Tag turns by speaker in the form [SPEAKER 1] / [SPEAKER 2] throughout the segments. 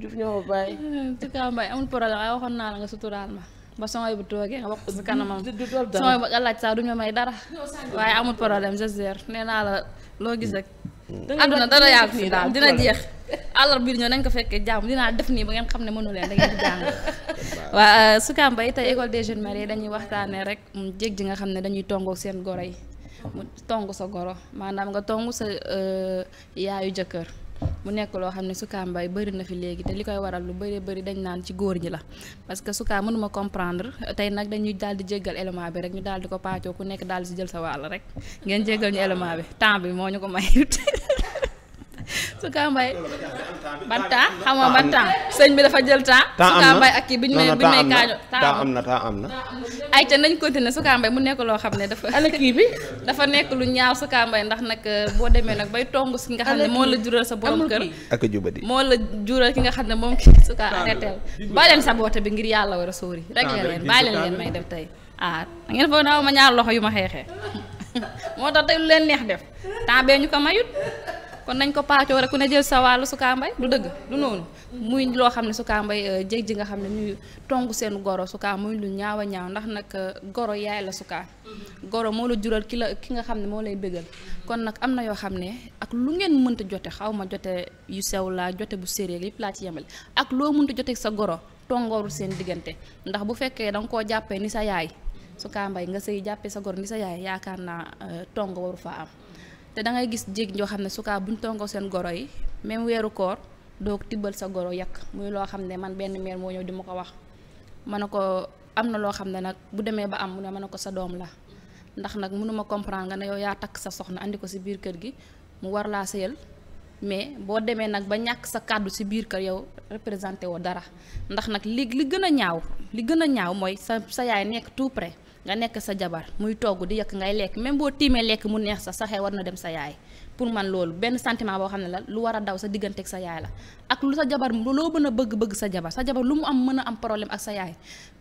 [SPEAKER 1] juf ñoo ma bàyyi. su kaa mbay amul problème waaye waxoon naa la nga suturaal ma ba songay bu toogee nga wax ko si kanamam. du du doon dara songay laaj sax duñu may dara. waaye amul problème jëzër nee naa la loo gis rek. àdduna dara yàgg fii daal dina jeex àllar ñoo nañ ko fekkee jàmm dinaa def nii ba ngeen xam ne mënu leen da ngeen di jàng waa Souka Mbaye tey école des jeunes mariés dañuy waxtaanee rek mu jéeg ji nga xam ne dañuy tongoo seen goro yi mu tong sa goro maanaam nga tong sa euh, yaayu jëkkër mu nekk loo xam ne sukaamba yi bëri na fi léegi te li koy waral lu bëri bëri dañ naan ci góor ñi la parce que sukaa mënuma comprendre tey nag dañuy daal di jéggal élément bi rek ñu daal di ko paacoo ku nekk daal di si jël sa wàll rek ngeen jéggal ñu élément bi temps bi moo ñu ko mayut Souka Mbaye ban temps xam nga ban temps sëñ bi dafa jël temps. temps am na ak kii bi ñu may bi ñu may am na temps am na. ay ca nañ continuer Souka Mbaye mu nekk loo xam ne dafa. ala kii bi dafa nekk lu ñaaw Souka Mbaye ndax nag euh, boo demee nag bay tongu si nga xam ne moo la jural sa borom kër.
[SPEAKER 2] ak a jubadi moo
[SPEAKER 1] la jural ki nga xam ne moom kii Souka arrêté bàyyi leen saboote bi ngir yàlla war a sóori. rek leen bàyyi leen leen may def tey ah ngeen foog ne ma ñaar loxo yu ma xeexee moo tax tey lu leen neex def temps bee ñu ko kon nañ ko paacoo rek ku ne jël sa wàllu sukaambay du dëgg lu noonu muy loo xam ne sukaambay euh, jéeg ji nga xam ne ñuy tongu seen goro sukaa muy lu ñaaw a ñaaw ndax nag euh, goro yaay la sukaa mm-hmm. goro moo jural ki ki nga xam ne moo lay bégal kon nag am na yoo xam ne ak lu ngeen mënta jote xaw ma jote yu sew laa jote bu séeréer yëpp laa ci yemale ak loo mënta jote sa goro tongoorul seen diggante ndax bu fekkee da koo jàppee ni sa yaay sukaambay nga sëy jàppee sa goro ni sa yaay yaakaar naa euh, tong waru faa am te da ngay gis jég joo xam ne bu ñu tongoo seen goro yi même weeru koor doo tibbal sa goro yàq muy loo xam ne man benn meer moo ñëw di ma ko wax ma ne ko am na loo xam ne nag bu demee ba am mu ne ma ne ko sa doom la ndax nag mënuma comprendre nga ne yow yaa takk sa soxna andi ko si biir kër gi mu war laa sëyal mais boo demee nag ba ñàkk sa kàddu si biir kër yow représenté woo dara ndax nag li li gën a ñaaw li gën a ñaaw mooy sa sa yaay nekk tout près nga nekk sa jabar muy togg di yëkk ngay lekk même boo tiimee lekk mu neex sa saxee war na dem sa yaay pour man loolu benn sentiment boo xam ne la lu war a daw sa diggante ak sa yaay la ak lu sa jabar loo mën a bëgg-bëgg sa jabar sa jabar lu mu am mën am problème ak sa yaay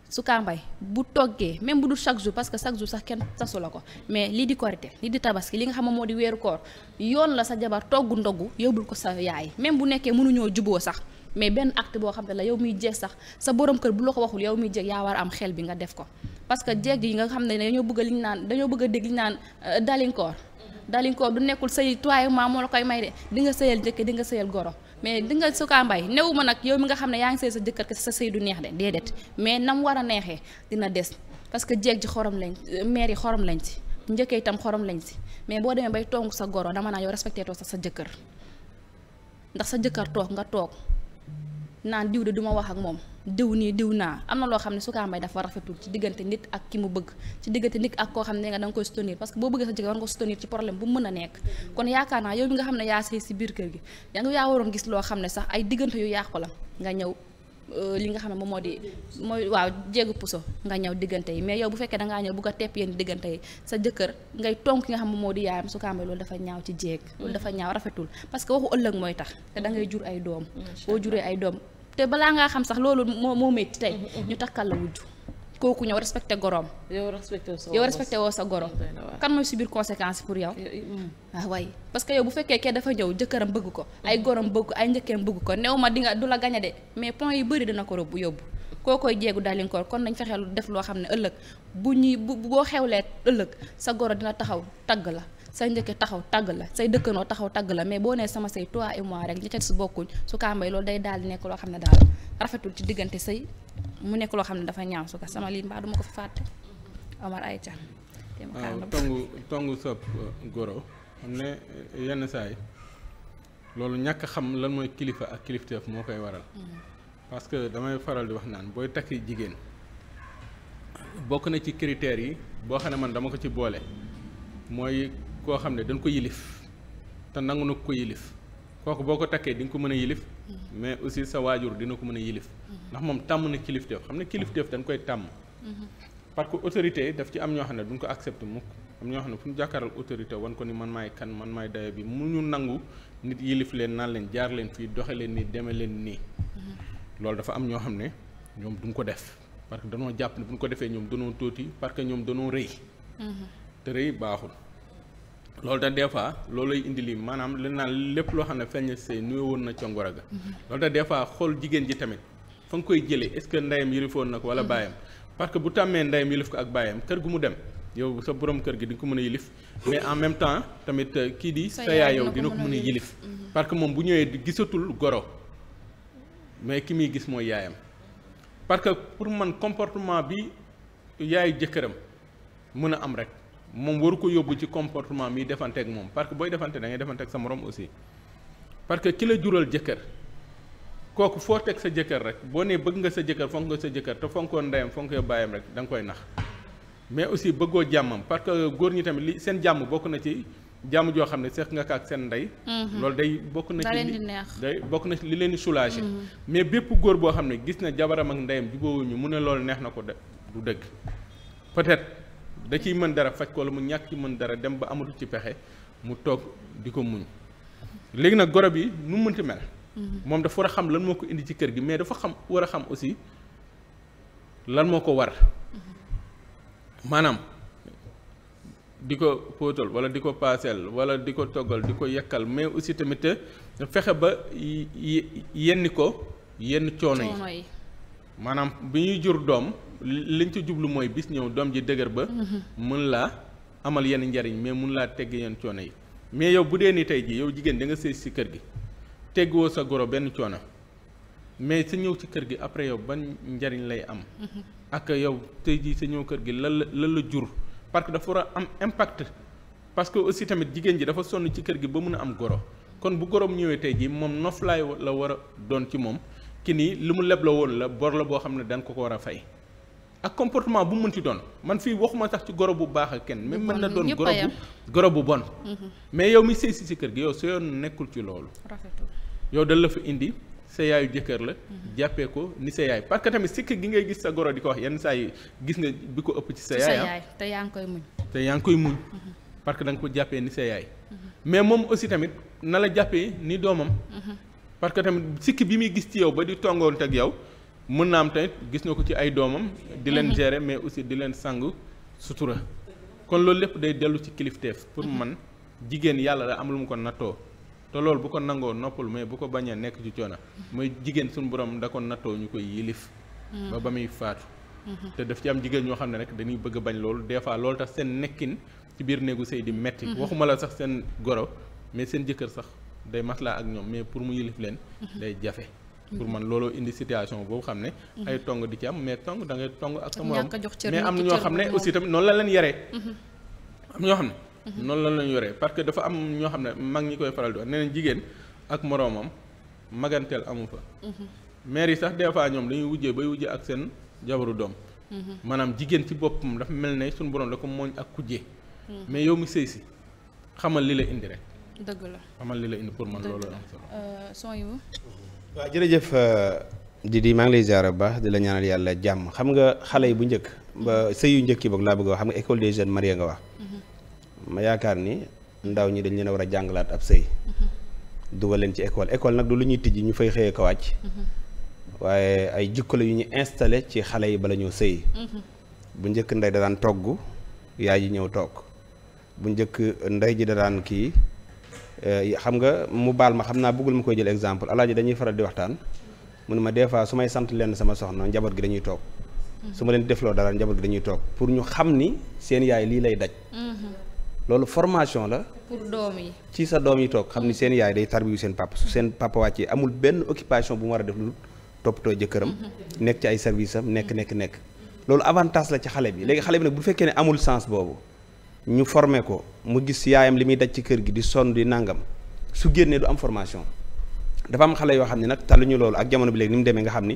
[SPEAKER 1] su kaambay bu toggee même bu dul chaque jour parce que chaque jour sax kenn sasu la ko mais lii di korite lii di tabaski li nga xam moo di weeru koor yoon la sa jabar togg ndogu yóbbul ko sa yaay même bu nekkee mënuñoo juboo sax mais benn acte boo xam ne la yow muy jeeg sax sa borom kër bu la ko waxul yow muy jeeg yaa war a am xel bi nga def ko parce que jeeg yi nga xam ne dañoo bëgg liñ naan dañoo bëgg dégg liñ naan euh, dalinkoor dalinkoor du nekkul sëy tuwaay maa moo la koy may de di sëyal njëkk dinga nga sëyal goro mais di nga sukaa mbay néew ma nag yow mi nga xam ne yaa ngi sëy sa jëkkër sa sëy du neex de déedéet mais nam war a neexee dina des parce que jeeg ji xorom lañ maire yi xorom lañ si njëkkee itam xorom lañ si mais boo demee bay toog sa goro dama naa yow respecté too sa sa jëkkër ndax sa jëkkër toog nga toog naan diw de du ma wax ak moom diw nii diw naa am na loo xam ne Souka Mbaye dafa rafetul ci diggante nit ak ki mu bëgg ci diggante nit ak koo xam ne nga da nga koy soutenir parce que boo bëggee sa jëkkër war nga ko soutenir ci a nekk kon loo xam ne sax ay diggante yu yàqu la nga ñëw euh, li nga xam ne moom moo di mooy waaw jéegu puso nga ñëw diggante yi mais yow bu fekkee dangaa ñëw bu ko tepp yéen diggante yi sa ngay tonk ki nga xam ne moo di yaayam su kaamee loolu dafa ñaaw ci jéeg loolu dafa ñaaw rafetul parce que waxu ëllëg mooy tax te da ngay jur ay doom boo juree ay doom te balaa ngaa xam sax loolu moo moo métti tey mm-hmm, mm-hmm. ñu takkal la wujj kooku ñëw respecté goroom.
[SPEAKER 3] yow respecté woo sa yow respecté
[SPEAKER 1] sa goro. kan mooy biir conséquence pour yow. Eh, eh, mm. ah waaye parce que yow bu fekkee kee dafa ñëw jëkkëram bëgg ko. ay gorom bëgg ay njëkkeem bëgg ko new ma dinga du la gañe de mais point yu bëri dina ko rëbb yóbbu. kookoy jéegu dalinkoor kon nañ fexeel def loo xam ne ëllëg bu ñuy bu boo xewlee ëllëg sa goro dina taxaw tagg la. say njëkkee taxaw tàgg la say dëkkanoo taxaw tàgg la mais boo nee sama say toi et moi rek ñi ca des bokkuñ su kaambay loolu day daal di nekk loo xam ne daal rafetul ci diggante sëy mu nekk loo xam ne dafa ñaaw su sama lii mbaa ko fi fàtte Omar Aïcha waaw ah,
[SPEAKER 4] tongu tongu sab uh, goro xam ne uh, yenn saay lan mooy kilifa ak kilifteef moo koy waral mm-hmm. parce que damay faral di wax naan booy takk jigéen bokk na ci critères yi boo xam ne man dama ko ci boole mooy koo xam ne dañ ko yilif te nangu na ko yilif kooku boo ko takkee di nga ko mën a yilif mm-hmm. mais aussi sa waajur dina ko mën a yilif mm-hmm. ndax moom tàmm na kilifteef xam ne def dañ koy tàmm mm-hmm. parce que autorité daf ci am ñoo xam ne duñ ko accepté mukk am ñoo xam ne fu ñu jàkkaaral autorité wan ko ni man maay kan man maay dayo bi mu ñu nangu nit yilif leen naan leen jaar leen fii doxe leen nii deme leen nii loolu dafa am ñoo xam ne ñoom duñ ko def parce que danoo jàpp bu ñu ko defee ñoom danoo tuuti que ñoom danoo rëy loolu da des fois loolay indi lii maanaam li naan lépp loo xam ne feeñ see nuyu woon na congor ga mm-hmm. loolu tax des fois xool jigéen ji tamit fa nga koy jëlee est-ce que ndeyam yilifoon na ko wala mm-hmm. baayam parce que bu tàmmee ndeyam yilif ko ak baayam kër gu mu dem yow sa borom kër gi di ko mën a yilif mais en même temps tamit euh, kii di sa yaay yow dina ko mën a yilif mm-hmm. parce que moom bu ñëwee gisatul goro mais ki muy gis mooy yaayam parce que pour man comportement bi yaay jëkkëram mën a am rek moom waru ko yóbbu ci comportement mi defante ak moom parce que booy defante da ngay defante ak sa morom aussi parce que ki la jural jëkkër kooku foo teg sa jëkkër rek boo nee bëgg nga sa jëkkër fonk nga sa jëkkër te fonkoo ndeyam fonkoo bàyyam rek da nga koy nax mais aussi bëggoo jàmmam parce que góor ñi tamit li seen jàmm bokk na ci jàmm joo xam ne seq nga ak seen ndey. Mhm. loolu day bokk na ci li day bokk na ci li leen di mhm. mais bépp góor boo xam ne gis na jabaram ak ndeyam jubóowuñu mu ne loolu neex na ko de du dëgg être da ciy mën dara faj ko la mu ñàkk ci mën dara dem ba amatu ci pexe mu toog di ko muñ léegi nag goro bi nu mu mel. Mhm. moom dafa war a xam lan moo ko indi ci kër gi mais dafa xam war a xam aussi lan moo ko war mhm. maanaam di ko póotal wala di ko paaseel wala di ko toggal di ko yekkal mais aussi tamit fexe ba yenn ko yenn coono yi maanaam bi ñuy jur doom. liñ ci jublu mooy bis ñëw doom ji dëgër ba mën laa amal yenn njariñ mais mun laa tegg yenn coono yi mais yow bu dee ni tey jii yow jigéen da nga sëy si kër gi tegguwoo sa goro benn coono mais sa ñëw ci kër gi après yow ban njariñ lay am ak yow tey jii sa kër gi lan la lan la jur parce que dafa war a am impact parce que aussi tamit jigéen ji dafa sonn ci kër gi ba mun a am goro kon bu goroom ñëwee tey jii moom noflaay la war a doon ci moom ki nii li mu lebloo woon la bor la boo xam ne dañ ko ko war a fay ak comportement bu mu mënti doon man fii waxuma tax ci goro bu baax ak kenn même mën na doon goro bu goro bu bon mais yow mi sëy si si kër gi yow sa yoon nekkul ci loolu yow dal la fa indi sa yaayu jëkkër la mhm. jàppee ko ni sa yaay parce que tamit sikk gi ngay gis sa goro di ko yenn saa gis nga bi ko ëpp ci sa ah. yaay
[SPEAKER 1] te yaa ngi koy muñ
[SPEAKER 4] te yaa ngi koy muñ mhm. parce que da nga ko jàppee ni sa yaay mhm. mais moom aussi tamit na la jàppee ni doomam parce que tamit sikk bi muy gis ci yow ba di tongoon teg yow mën naa am tamit gis na ko ci ay doomam di leen mhm. gérer mais aussi di leen sangu sutura kon loolu lépp day dellu ci kilifteef pour mhm. man jigéen yàlla da am lu mu ko nattoo te loolu bu ko nangoo noppal mais bu ko bañee nekk ci coono mooy jigéen suñu borom da ko nattoo ñu koy yilif mhm. ba ba muy faatu te daf ci am jigéen ñoo xam ne rek dañuy bëgg bañ loolu des fois loolu tax seen nekkin ci biir néegu sëy di metti waxuma la sax seen goro mais seen jëkkër sax day maslaa ak ñoom mais pour mu yilif leen day jafe pour man looloo indi situation boobu xam ne ay tong di ci am mais tong da ngay tong ak sa morom mais mhm. am na ñoo xam ne aussi mhm. tamit noonu la leen yaree am ñoo xam ne noonu la leen yoree parce que dafa am ñoo xam ne mag ñi koy faral di wax nee nañ jigéen ak moroomam maganteel amu fa maire mhm. yi sax des fois ñoom dañuy wujjee bay wujjee ak seen jabaru doom maanaam jigéen ci boppam dafa mel ne suñu borom da ko mooñ ak kujjee mais yow mi sëy si xamal li la indi rek dëgg la li la indi pour man loolu
[SPEAKER 1] am solo euh, waa
[SPEAKER 2] jërëjëf euh, Didi maa ngi lay ziar bu baax di la ñaanal yàlla jàmm xam nga xale yi bu njëkk ba sëy yu njëkk yi boog laa bëgg a wax xam nga école des jeunes mariés nga wax mm-hmm. ma yaakaar ni ndaw ñi dañ leen war a jàngalaat ab sëy mm-hmm. dugal leen ci école école nag du lu ñuy tijji ñu fay xëyee ko wàcc mm-hmm. waaye ay jikko yu ñu installé ci xale yi bala ñoo sëy bu njëkk ndey da daan togg yaay yi ñëw toog bu njëkk ndey ji da daan kii Eh, xam nga mu baal ma xam naa bëggul ma koy jël exemple alaaji dañuy faral di waxtaan mu ne ma des fois su may sant leen sama soxna njaboot gi dañuy toog
[SPEAKER 1] hmm. su ma leen
[SPEAKER 2] defloo dara njaboot dañuy toog pour ñu xam ni seen yaay lii lay daj hmm. loolu formation la pour ci sa doom yi toog xam ni seen yaay day tarbiyu seen papa su seen papa wàccee amul benn occupation bu mu war a def lu topp toppatoo jëkkëram hmm. nekk ci ay service am nekk nekk nekk loolu avantage la ci xale bi léegi xale bi nag bu fekkee ne amul sens boobu ñu formé ko mu gis yaayam li muy daj ci kër gi di sonn di nangam su génnee du am formation dafa am xale yoo xam ne nag ñu loolu ak jamono bi léegi ni mu demee nga xam ni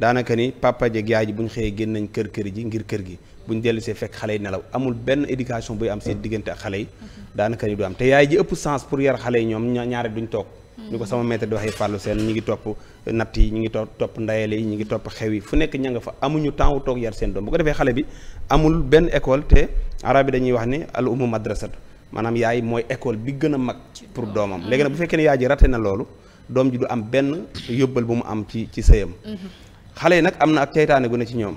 [SPEAKER 2] daanaka ni papa jeeg yaay ji bu ñu xëyee génn nañ kër kër ji ngir kër gi bu ñu dellusee fekk xale yi nelaw amul benn éducation buy am seen diggante ak xale yi daanaka ni du am te yaay ji ëpp sens pour yar xale yi ñoom ñaare duñ toog ñu ko sama maître di waxee fàllu seen ñu ngi topp natt yi ñu ngi topp ndayale yi ñu ngi topp xew yi fu nekk ña nga fa amuñu temps wu toog yar seen doom bu ko defee xale bi amul benn école te arab yi dañuy wax ni al umu madrasatu maanaam yaay mooy école bi gën a mag pour doomam léegi nag bu fekkee yaay ji raté na loolu doom ji du am benn yóbbal bu mu am ci ci sëyam xale yi nag am na ak ceytaane gu ne ci ñoom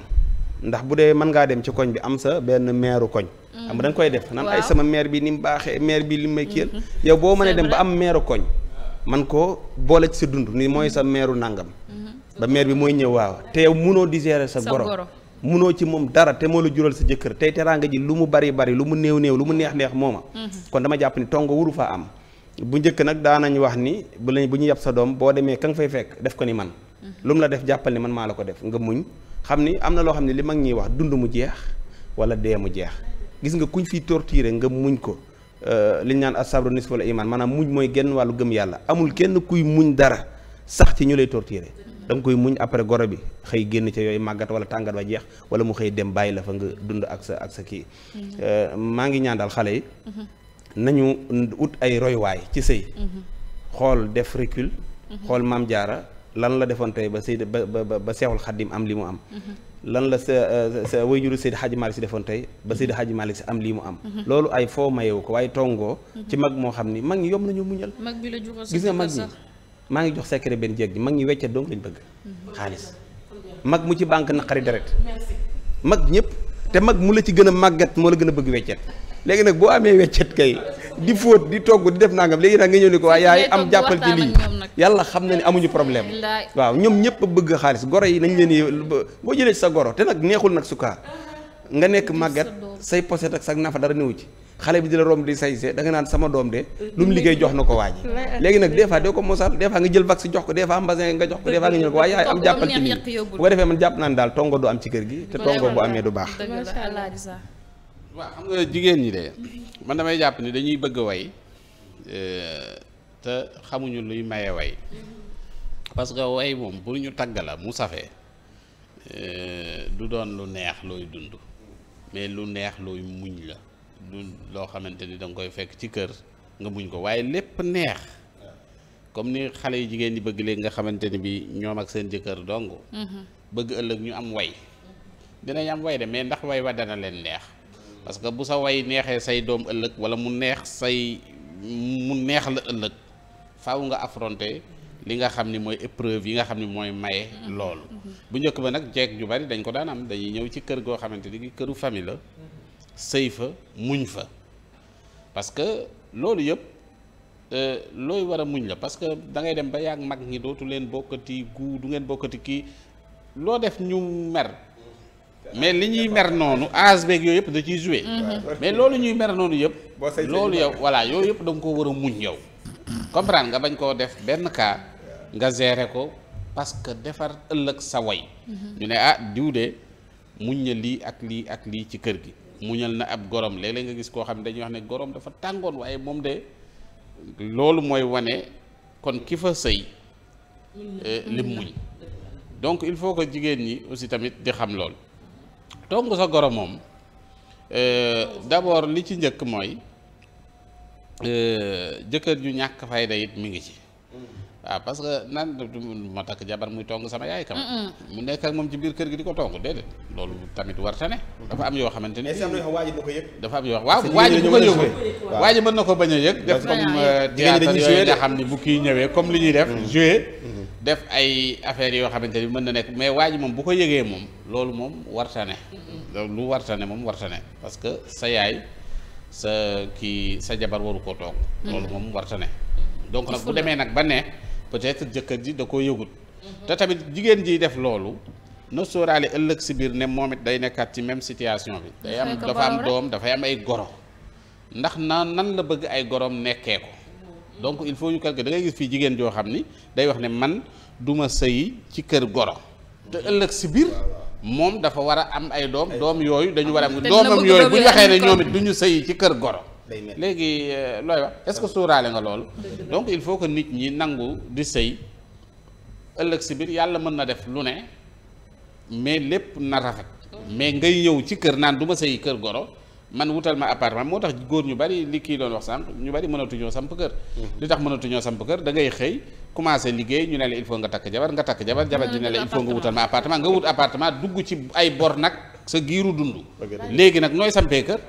[SPEAKER 2] ndax bu dee mën ngaa dem ci koñ bi am sa benn meeru koñ xam nga koy def naan ay sama maire bi ni mu baaxee maire bi li may kiyal mm-hmm. yow boo mënee dem ba am meeru koñ man ko boole ci sa dund ni mooy sa meeru nangam. ba meer bi mooy ñëw waaw te yow munoo di gérer sa goro munoo ci moom dara te moo la jural sa jëkkër tey teraanga ji lu mu bari bari lu mu néew néew lu mu neex neex mooma mhm. kon dama jàpp ni tong wuru faa am bu njëkk nag daanañ wax ni bu lañ bu ñu yàpp sa doom boo demee ka nga fay fekk def ko ni man mhm. lu mu la def jàppal ni man maa la ko def nga muñ xam ni am na loo xam ne li mag ñuy wax dund mu jeex wala dee mu jeex gis nga kuñ fiy torturer nga muñ ko Euh, li ñu naan asabru nisfu wala iman maanaam muñ mooy genn wàllu gëm yàlla amul kenn kuy muñ dara sax ci ñu lay torturer da nga koy muñ après goro bi xëy génn ca yooyu màggat wala tàngat ba jeex wala mu xëy dem bàyyi la fa nga dund ak sa ak sa kii
[SPEAKER 3] mhm. euh,
[SPEAKER 2] maa ngi ñaan daal xale yi mhm. nañu ut ay roywaay ci sëy mhm. xool def recul xool maam jaara lan la defoon tey ba ba ba ba seexul xaddim am li mu am lan la sa euh, sa wayjuru Seydi si defoon tey ba Seydi Hadji si am lii mu am mhm. loolu ay foo mayewu ko waaye tongoo mhm. ci mag moo xam ni mag ñi yomb nañu
[SPEAKER 1] muñal mag bi la jural gis nga mag ñi
[SPEAKER 2] maa ngi jox secret benn jéeg ji mag ñi weccet donc lañ bëgg mhm. xaalis mag mu ci banque naqari deret mag ñëpp te mag mu la ci gën a màggat moo la gën a bëgg weccet léegi nag boo amee weccet kay di fóot di togg di def nangam léegi nag nga ñëw ni ko waaye yaay am jàppal ci lii yàlla xam na ne amuñu problème waaw ñoom ñëpp bëgg xaalis goro yi nañ leen yéen boo jëlee sa goro te nag neexul nag sukaar nga nekk màgget say poset ak sa nafa dara newu ci xale bi di la romb di say see da nga naan sama doom de lu mu liggéey jox na ko waa léegi nag des fois doo ko mosal des fois nga jël vaccin jox ko des fois mbasin nga jox ko des fois nga ñëw ko waaye yaay am jàppal ci lii bu ko defee man jàpp naan daal tongo du am ci gi te tongo bu amee du
[SPEAKER 1] jigéen ñi de
[SPEAKER 5] man damay jàpp ni dañuy bëgg way eh, te xamuñu luy maye way parce que way moom bu ñu tagg la mu safee eh, du doon lu neex looy dund mais lu neex looy muñ la du loo xamante ni da nga koy fekk ci kër nga muñ ko waaye lépp neex comme ni xale yi jigéen ñi bëgg léegi nga xamante ni bi ñoom ak seen jëkkër dong mm-hmm. bëgg ëllëg ñu am way dinañ am way de mais ndax way wa dana leen neex parce que bu sa way neexee say doom ëllëg wala mu neex say mu neex la ëllëg faw nga affronter li nga xam ni mooy épreuve yi nga xam ni mooy maye loolu bu njëkk ba nag jeeg ju bari dañ ko daan am dañuy ñëw ci kër goo xamante ni këru famille la sëy fa muñ fa parce que loolu yëpp euh, looy war a muñ la parce que da ngay dem ba yàgg mag ñi dootu leen bokkati gu du ngeen bokkati kii loo def ñu mer mais li ñuy mer noonu âge beeg yooyu yëpp da ciy joué. Mhm. mais loolu ñuy mer noonu yëpp. loolu yow voilà yooyu yëpp da ko war a muñ yow. comprendre nga bañ koo def benn kaa nga gérer ko parce que defar ëllëg sa way. Mhm. ñu ne ah diw de muñ na lii ak lii ak lii ci kër gi. muñal na ab gorom léeg-léeg nga gis koo xam ne dañuy wax ne gorom dafa tàngoon waaye moom de loolu mooy wane kon ki fa sëy eh, lim muñ mhm. donc il faut que jigéen ñi aussi tamit di xam loolu. togg sa goro moom euh, d'abord li ci njëkk mooy euh, jëkkër ju ñàkk fayda it mu ngi ci waaw mm. ah, parce que nan ma takk jabar muy tong sama yaay kam mu nekk ak moom ci biir kër gi di ko tong déedéet loolu tamit war tane dafa am yoo xamante ni dafa am yoo waaw waaj bu ko yëgul waaj na ko bañ a yëg def comme euh, théâtre yooyu nga xam ni bu kii ñëwee comme li ñuy def mm. jouer mm. def ay affaires yoo xamante ni mën na nekk mais waa ji moom bu ko yëgee moom loolu moom wartane lu warta ne moom wartane parce que sa yaay sa kii sa jabar waru ko toog loolu moom wartane donc nag bu demee nag ba ne peut-être jëkkër ji da koo yëgut te tamit jigéen jiy def loolu na sóoraale ëllëg si biir ne moom it day nekkaat ci même situation bi day am dafa am doom dafay am ay goro ndax na nan la bëgg ay gorom nekkee ko donc il faut ñu calculer da ngay gis fii jigéen joo xam ni day wax ne man du ma sëyi ci kër goro te ëllëg si biir moom dafa war a am ay doom doom yooyu dañu war a am doomam yooyu bu ñu waxee ne ñoom it du ñu sëyi ci kër goro léegi euh, looy wax est-ce que suuraale nga loolu donc il faut que nit ñi nangu di sëy ëllëg si biir yàlla mën na def lu ne mais lépp na rafet mm-hmm. mais ngay ñëw ci kër naan duma ma kër goro man wutal ma appartement moo tax góor ñu bari li kii doon wax sànq ñu bari mënatuñoo samp kër. Mhm. li tax mënatuñoo samp kër da ngay xëy commencé liggéey ñu ne la il faut nga takk jabar nga takk jabar jabar ji ne la il faut nga wutal ma appartement nga wut appartement dugg ci ay bor nag sa giiru dund. léegi nag nooy sampee kër.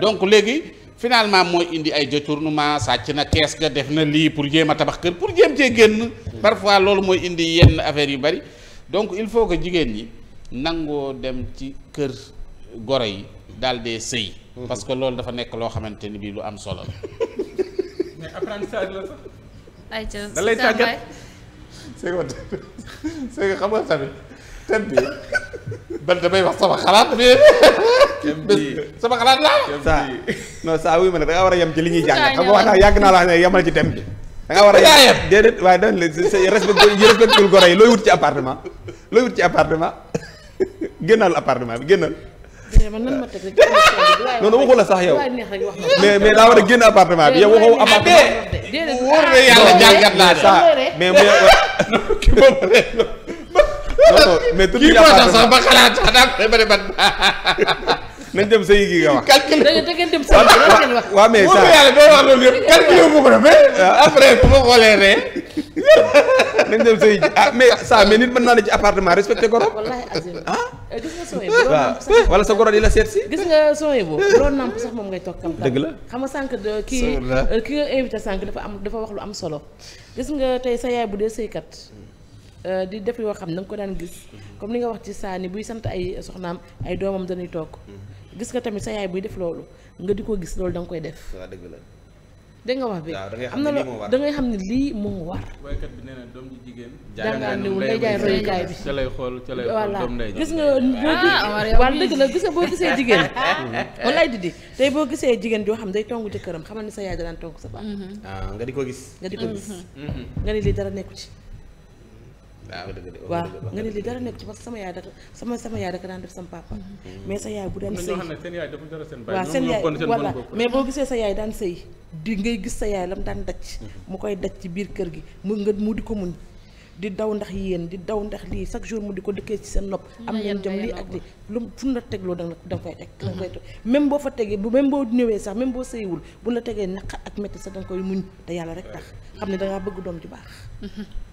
[SPEAKER 5] donc léegi. finalement mooy indi ay détournement sàcc na kees ga def na lii pour jéem a tabax kër pour jéem ee génn. Mhm. parfois loolu mooy indi yenn affaires yu bari donc il faut que jigéen ñi nangoo dem ci kër goro yi. daal dee sëy mhm. parce que loolu dafa nekk loo xamante ni bii lu am solo la.
[SPEAKER 4] mais
[SPEAKER 1] ay ca da lay tàggat c'est que c'est que xam
[SPEAKER 2] nga bi ban damay wax sama xalaat bi sama xalaat laa saa wuy ma ne da war a yem ci li ñuy jàng xam nga wax naa yàgg naa la wax ne yemal ci thème bi da nga war a yem déedéet waaye dañ la respecté yi respectul goro yi looy wut ci appartement looy wut ci appartement génnal appartement bi génnal
[SPEAKER 3] non non waxu la sax yow mais mais daa war a génn appartement bi yow waxoo appartement bi wóor na yàlla jàngat laa de mais mais
[SPEAKER 2] euh, kii moo tax sax ba xalaat sax daa koy wax. calcul da ngeen dem sëy gi nga
[SPEAKER 4] wax. waaw mais saa yàlla doo wax loolu
[SPEAKER 2] yëpp calculé wu ko ko mais ah. après bu ma xoolee ne. nañ dem sëy ji ah mais saa mais nit mën naa ne ci appartement respecté gorom. wallaahi
[SPEAKER 3] azim ah. Eh, gis
[SPEAKER 2] nga sa goro di la seet si.
[SPEAKER 3] gis nga sooy boobu loolu namp sax moom ngay toog tam. dëgg la xam nga sànq euh, ki nga invité sànq dafa am dafa wax lu am solo. gis nga tey sa yaay bu dee sëykat euh, di def yoo xam ne da ko daan gis comme li nga wax ci saa ni buy sant ay soxnaam ay doomam dañuy toog mm-hmm. gis nga tamit sa yaay buy def loolu nga di ko gis loolu da nga koy def. waaw la. dégg nga wax bi am na loo da xam ne lii moo war.
[SPEAKER 4] waykat bi nee na doom ji jigéen. jaangaandiwul day jaay royukaay bi ca lay xool ca lay xool doom day gis nga
[SPEAKER 3] ah, boo dëgg la gis nga boo gisee di di boo gisee jigéen joo xam day tongu jëkkëram xamal ni sa yaay da daan tongu sa baax. Mm-hmm.
[SPEAKER 4] Ah, gis. nga di ko mm-hmm. Mm-hmm.
[SPEAKER 3] lii dara nekku ci. Ah, waaw nga ne lii dara nekk ci parce que sama yaay daan sëy waaw seen
[SPEAKER 4] yaay voilà mais boo gisee
[SPEAKER 3] sa yaay daan sëy di ngay gis sa yaay lam daan daj mu koy daj ci biir kër gi mu nga mu di ko muñ di daw ndax yéen di daw ndax lii chaque jour mu di ko dëkkee ci seen nopp am nañ jëm lii ak lii lu fu la tegloo danga da koy teg da nga boo fa tegee bu même boo ñëwee sax même boo sëyiwul bu la tegee naqa ak métti sax da nga koy muñ te yàlla rek tax xam ne dangaa bëgg doom ju baax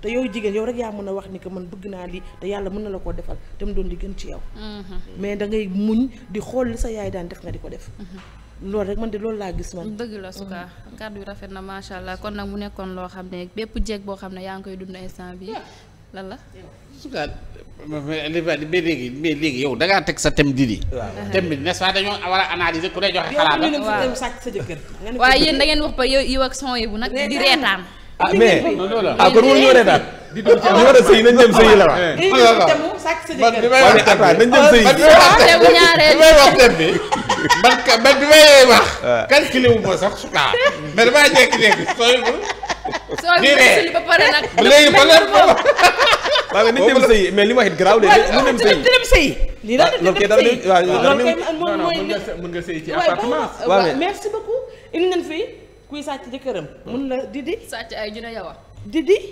[SPEAKER 3] te yow jigéen yow rek yaa mën a wax ni que man bëgg naa lii te yàlla mën na la koo defal te mu doon di gën ci yow mais da ngay muñ di xool li sa yaay daan def nga di ko def
[SPEAKER 1] loolu rek man de loolu laa gis man. dëgg la suka mm. kàddu yu rafet na macha allah kon nag mu nekkoon loo xam ne bépp jéeg boo xam ne yaa ngi koy dund instant bi lan la.
[SPEAKER 5] suka mais léegi mais léegi yow da sa thème di thème bi n'est-ce pas a analyser ku yéen da
[SPEAKER 1] wax ba yow yow ak son yi bu nag di reetaan.
[SPEAKER 5] Ah, ah, mais ah kon wóor ñoo reetaan.
[SPEAKER 3] di ah, war a sëy nañ dem sëy la wax. man bi may
[SPEAKER 5] wax thème bi man ka man bi may wax. waaw calculé wu ma sax sukkand. mais damaa jékki-jékki sooy
[SPEAKER 1] bu. di ree ba pare nag. léegi ba léegi ba
[SPEAKER 2] waaw mais dem sëy mais li ma wax it garaaw
[SPEAKER 3] de. waaw di dem sëy
[SPEAKER 4] ah, loolu
[SPEAKER 3] kay moom mooy mën nga mën
[SPEAKER 4] nga
[SPEAKER 1] sëy
[SPEAKER 3] ah.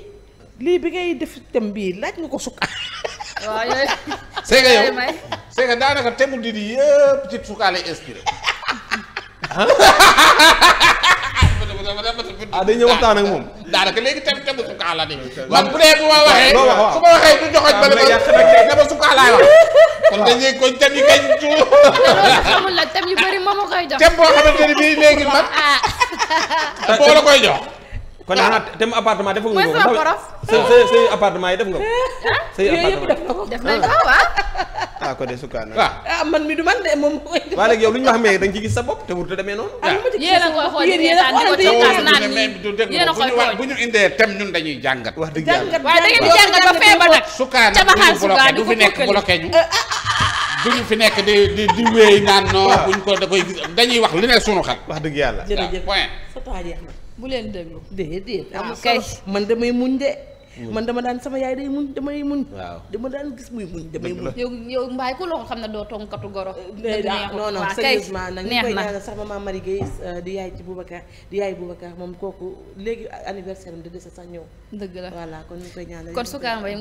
[SPEAKER 3] lii bi ngay def thème bii laaj nga ko sukk.
[SPEAKER 1] waaw yooyu. c'est que yow
[SPEAKER 5] c'est que daanaka temu di di yëpp ci sukaale inspiré. ah a ñëw waxtaan ak moom. daanaka léegi tem temu sukaala ni man bu dee bu ma waxee. su ma waxee du joxoñ ba dama sukaalaay wax. kon dañuy koñ tem yi kañ tuur.
[SPEAKER 1] xamul la tem yu bëri moom a koy jox. tem boo xamante ne
[SPEAKER 2] ah. koy jox. kon xanaa ah. thème appartement def nga ko. mooy sama borom say appartement yi def nga ko.
[SPEAKER 3] Ah. say appartement def
[SPEAKER 1] nañ ko waaw.
[SPEAKER 2] ah, ah ko de
[SPEAKER 3] man mi du man de moom. waa léegi yow ñu wax
[SPEAKER 2] mais da ci gis sa bopp te wut te a koy
[SPEAKER 1] xool yéen a koy xool yéen a koy xool
[SPEAKER 5] ñu indee thème ñun dañuy jàngat. wax dëgg yàlla waaye da ngeen di jàngat ba feebar nag. sukkandu du fi nekk bloqué ñu. duñu fi nekk di di di wéy naan non ko da koy gis dañuy wax li ne sunu wax dëgg yàlla
[SPEAKER 1] point. bu leen déglu
[SPEAKER 3] déedéet am ah. kay man damay muñ de man dama daan sama yaay day muñ damay muñ dama daan gis muy muñ damay muñ
[SPEAKER 1] yow mbaay ku loxo xam ne doo tonkatu goro eh, non non sérieusement nag ñu koy ñaanal
[SPEAKER 3] sax maman Marie Guèye euh, di yaay ci Boubacar di yaay moom kooku léegi anniversaire am sa sax ñëw dëgg la voilà kon ñu koy ñaanal kon Souka Mbaye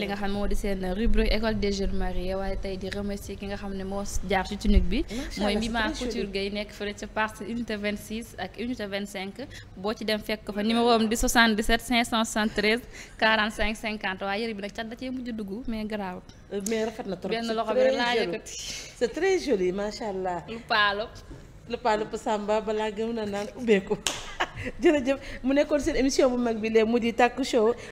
[SPEAKER 3] li nga xam
[SPEAKER 1] ne moo di seen rubrique école des jeunes mariés waaye tey di remercier ki nga xam ne moo jaar ci tunique bi mooy Mima Couture Guèye nekk fële ca partie unité 26 ak vingt cinq boo ci dem fekk fa numéro am di 77 573 quarante cinq cinquante waaye yëre bi nag cat da cee mujj dugg mais garaawut. Euh, mais rafet na trop benn loxo bi rek laa yëkkati.
[SPEAKER 3] c'est très joli macha allah. lu paalo. lu paalo Samba balaa gëm na naan ubbeeku jërëjëf mu nekkoon seen émission bu mag bi les mujj tàkku show